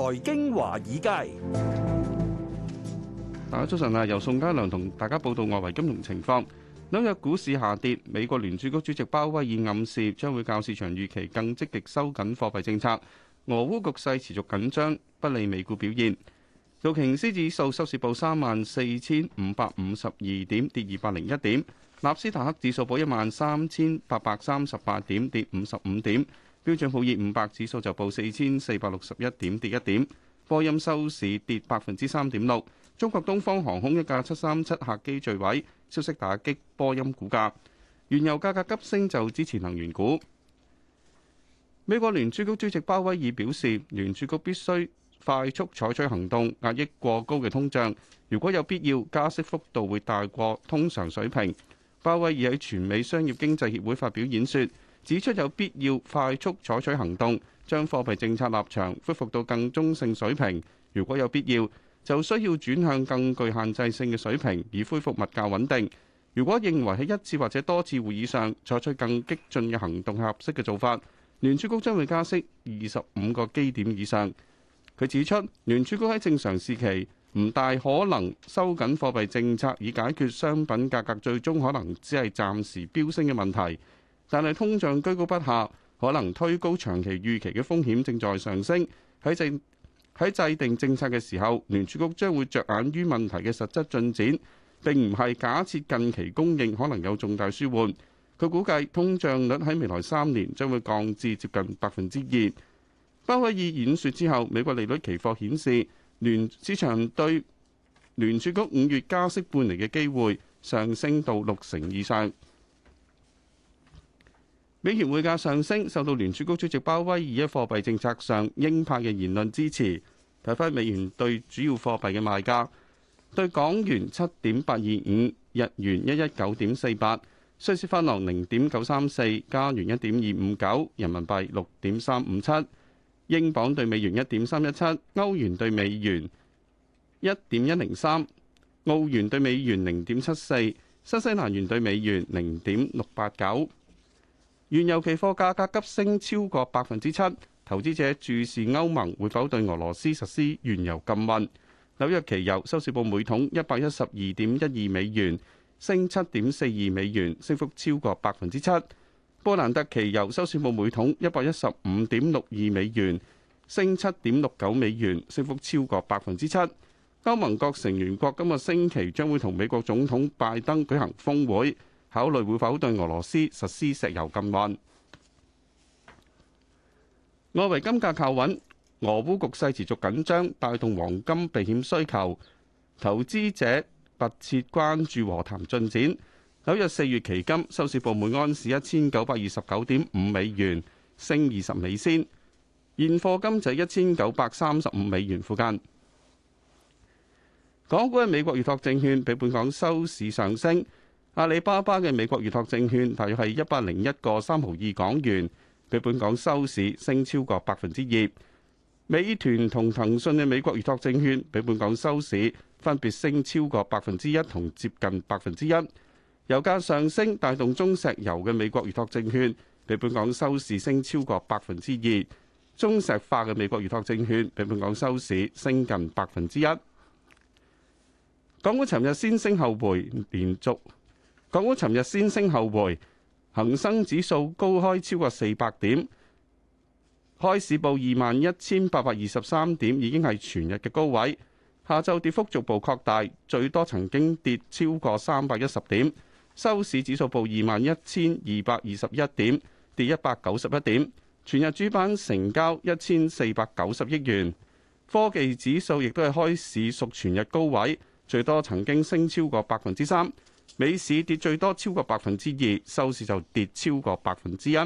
財經華爾街，大家早晨啊！由宋家良同大家報道外圍金融情況。紐約股市下跌，美國聯儲局主席鮑威爾暗示將會較市場預期更積極收緊貨幣政策。俄烏局勢持續緊張，不利美股表現。道瓊斯指數收市報三萬四千五百五十二點，跌二百零一點。納斯達克指數報一萬三千八百三十八點，跌五十五點。標準普爾五百指數就報四千四百六十一點，跌一點。波音收市跌百分之三點六。中國東方航空一架七三七客機墜毀，消息打擊波音股價。原油價格急升，就支持能源股。美國聯儲局主席鮑威爾表示，聯儲局必須快速採取行動，壓抑過高嘅通脹。如果有必要，加息幅度會大過通常水平。鮑威爾喺全美商業經濟協會發表演說。指出有必要快速採取行動，將貨幣政策立場恢復到更中性水平。如果有必要，就需要轉向更具限制性嘅水平，以恢復物價穩定。如果認為喺一次或者多次會議上採取更激進嘅行動合適嘅做法，聯儲局將會加息二十五個基點以上。佢指出，聯儲局喺正常時期唔大可能收緊貨幣政策，以解決商品價格最終可能只係暫時飆升嘅問題。但係通脹居高不下，可能推高長期預期嘅風險正在上升。喺制喺制定政策嘅時候，聯儲局將會着眼於問題嘅實質進展，並唔係假設近期供應可能有重大舒緩。佢估計通脹率喺未來三年將會降至接近百分之二。鮑威爾演說之後，美國利率期貨顯示，聯市場對聯儲局五月加息半厘嘅機會上升到六成以上。美元匯價上升，受到聯儲局主席鮑威爾喺貨幣政策上鷹派嘅言論支持，睇翻美元對主要貨幣嘅賣價，對港元七點八二五，日元一一九點四八，瑞士法郎零點九三四，加元一點二五九，人民幣六點三五七，英鎊對美元一點三一七，歐元對美元一點一零三，澳元對美元零點七四，新西蘭元對美元零點六八九。原油期貨價格急升超過百分之七，投資者注視歐盟會否對俄羅斯實施原油禁運。紐約期油收市報每桶一百一十二點一二美元，升七點四二美元，升幅超過百分之七。布蘭特期油收市報每桶一百一十五點六二美元，升七點六九美元，升幅超過百分之七。歐盟各成員國今個星期將會同美國總統拜登舉行峰會。考慮會否對俄羅斯實施石油禁運。外圍金價靠穩，俄烏局勢持續緊張，帶動黃金避險需求，投資者密切關注和談進展。紐約四月期金收市報每盎司一千九百二十九點五美元，升二十美仙；現貨金就一千九百三十五美元附近。港股嘅美國預託證券比本港收市上升。阿里巴巴嘅美國預託證券，大約係一百零一個三毫二港元，比本港收市升超過百分之二。美團同騰訊嘅美國預託證券比本港收市分別升超過百分之一同接近百分之一。油價上升，帶動中石油嘅美國預託證券比本港收市升超過百分之二。中石化嘅美國預託證券比本港收市升近百分之一。港股尋日先升後回連續。港股尋日先升後回，恒生指數高開超過四百點，開市報二萬一千八百二十三點，已經係全日嘅高位。下晝跌幅逐步擴大，最多曾經跌超過三百一十點，收市指數報二萬一千二百二十一點，跌一百九十一點。全日主板成交一千四百九十億元，科技指數亦都係開市屬全日高位，最多曾經升超過百分之三。美市跌最多超過百分之二，收市就跌超過百分之一。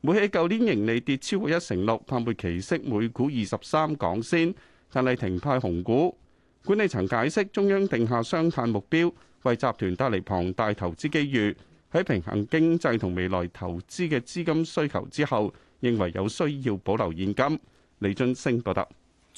每企舊年盈利跌超過一成六，派末期息每股二十三港仙，但係停派紅股。管理層解釋，中央定下雙碳目標，為集團帶嚟龐大投資機遇。喺平衡經濟同未來投資嘅資金需求之後，認為有需要保留現金。李俊升報道。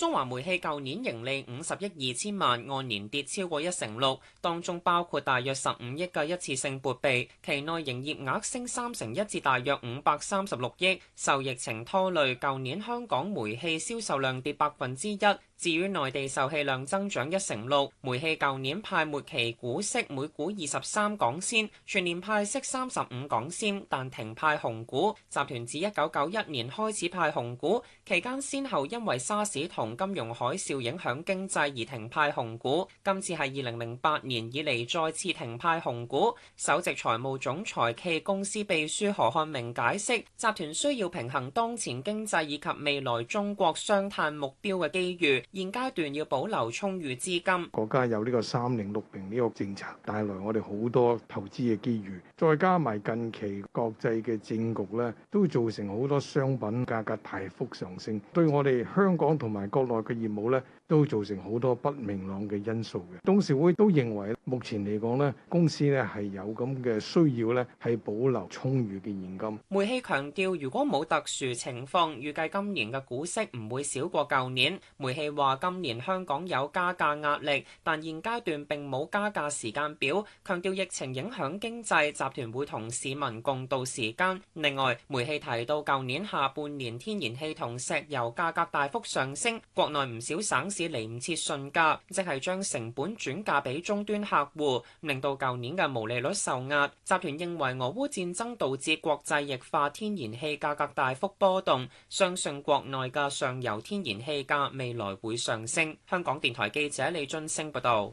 中華煤氣舊年盈利五十億二千萬，按年跌超過一成六，當中包括大約十五億嘅一次性撥備。期內營業額升三成一，至大約五百三十六億。受疫情拖累，舊年香港煤氣銷售量跌百分之一。至於內地售氣量增長一成六，煤氣舊年派末期股息每股二十三港仙，全年派息三十五港仙，但停派紅股。集團自一九九一年開始派紅股，期間先後因為沙士同金融海嘯影響經濟而停派紅股，今次係二零零八年以嚟再次停派紅股。首席財務總裁暨公司秘書何漢明解釋，集團需要平衡當前經濟以及未來中國雙碳目標嘅機遇。現階段要保留充裕資金，國家有呢個三零六零呢個政策，帶來我哋好多投資嘅機遇。再加埋近期國際嘅政局咧，都造成好多商品價格大幅上升，對我哋香港同埋國內嘅業務咧，都造成好多不明朗嘅因素嘅。董事會都認為，目前嚟講，呢公司呢係有咁嘅需要咧，係保留充裕嘅現金。煤氣強調，如果冇特殊情況，預計今年嘅股息唔會少過舊年。煤氣話，今年香港有加價壓力，但現階段並冇加價時間表。強調疫情影響經濟集團會同市民共度時間。另外，煤氣提到，舊年下半年天然氣同石油價格大幅上升，國內唔少省市嚟唔切順價，即係將成本轉嫁俾終端客戶，令到舊年嘅毛利率受壓。集團認為，俄烏戰爭導致國際液化天然氣價格大幅波動，相信國內嘅上游天然氣價未來會上升。香港電台記者李俊升報道。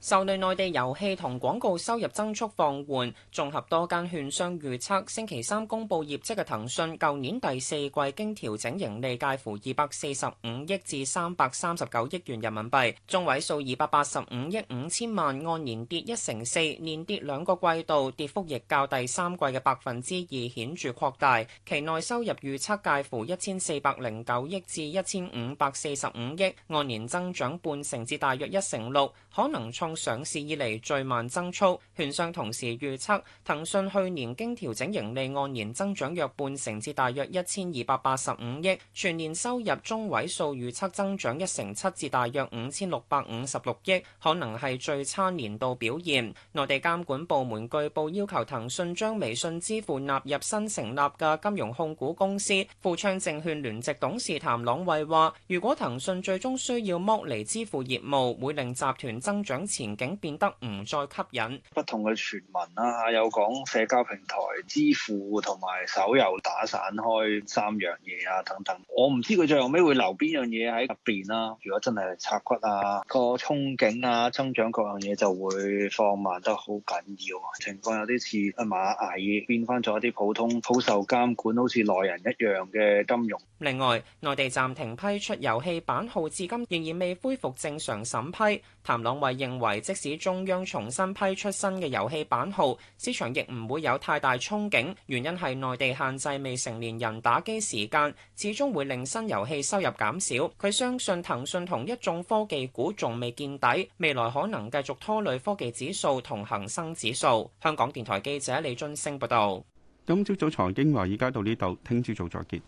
受累內地遊戲同廣告收入增速放緩，綜合多間券商預測，星期三公佈業績嘅騰訊，舊年第四季經調整盈利介乎245億至339億元人民幣，中位數285億5000萬，按年跌一成四，年跌兩個季度，跌幅亦較第三季嘅百分之二顯著擴大。期內收入預測介乎1409億至1545億，按年增長半成至大約一成六，可能創上市以嚟最慢增速，券商同時預測，騰訊去年經調整盈利按年增長約半成，至大約一千二百八十五億，全年收入中位數預測增長一成七，至大約五千六百五十六億，可能係最差年度表現。內地監管部門據報要求騰訊將微信支付納入新成立嘅金融控股公司。富昌證券聯席董事譚朗慧話，如果騰訊最終需要剝離支付業務，會令集團增長。前景變得唔再吸引，不同嘅傳聞啦，有講社交平台、支付同埋手遊打散開三樣嘢啊等等，我唔知佢最後尾會留邊樣嘢喺入邊啦。如果真係拆骨啊，個憧憬啊增長各樣嘢就會放慢得好緊要，情況有啲似啊螞蟻變翻咗一啲普通、好受監管、好似內人一樣嘅金融。另外，內地暫停批出遊戲版號，至今仍然未恢復正常審批。譚朗偉認為。即使中央重新批出新嘅遊戲版號，市場亦唔會有太大憧憬。原因係內地限制未成年人打機時間，始終會令新遊戲收入減少。佢相信騰訊同一眾科技股仲未見底，未來可能繼續拖累科技指數同恒生指數。香港電台記者李津升報道。今朝早財經華爾街到呢度，聽朝早再見。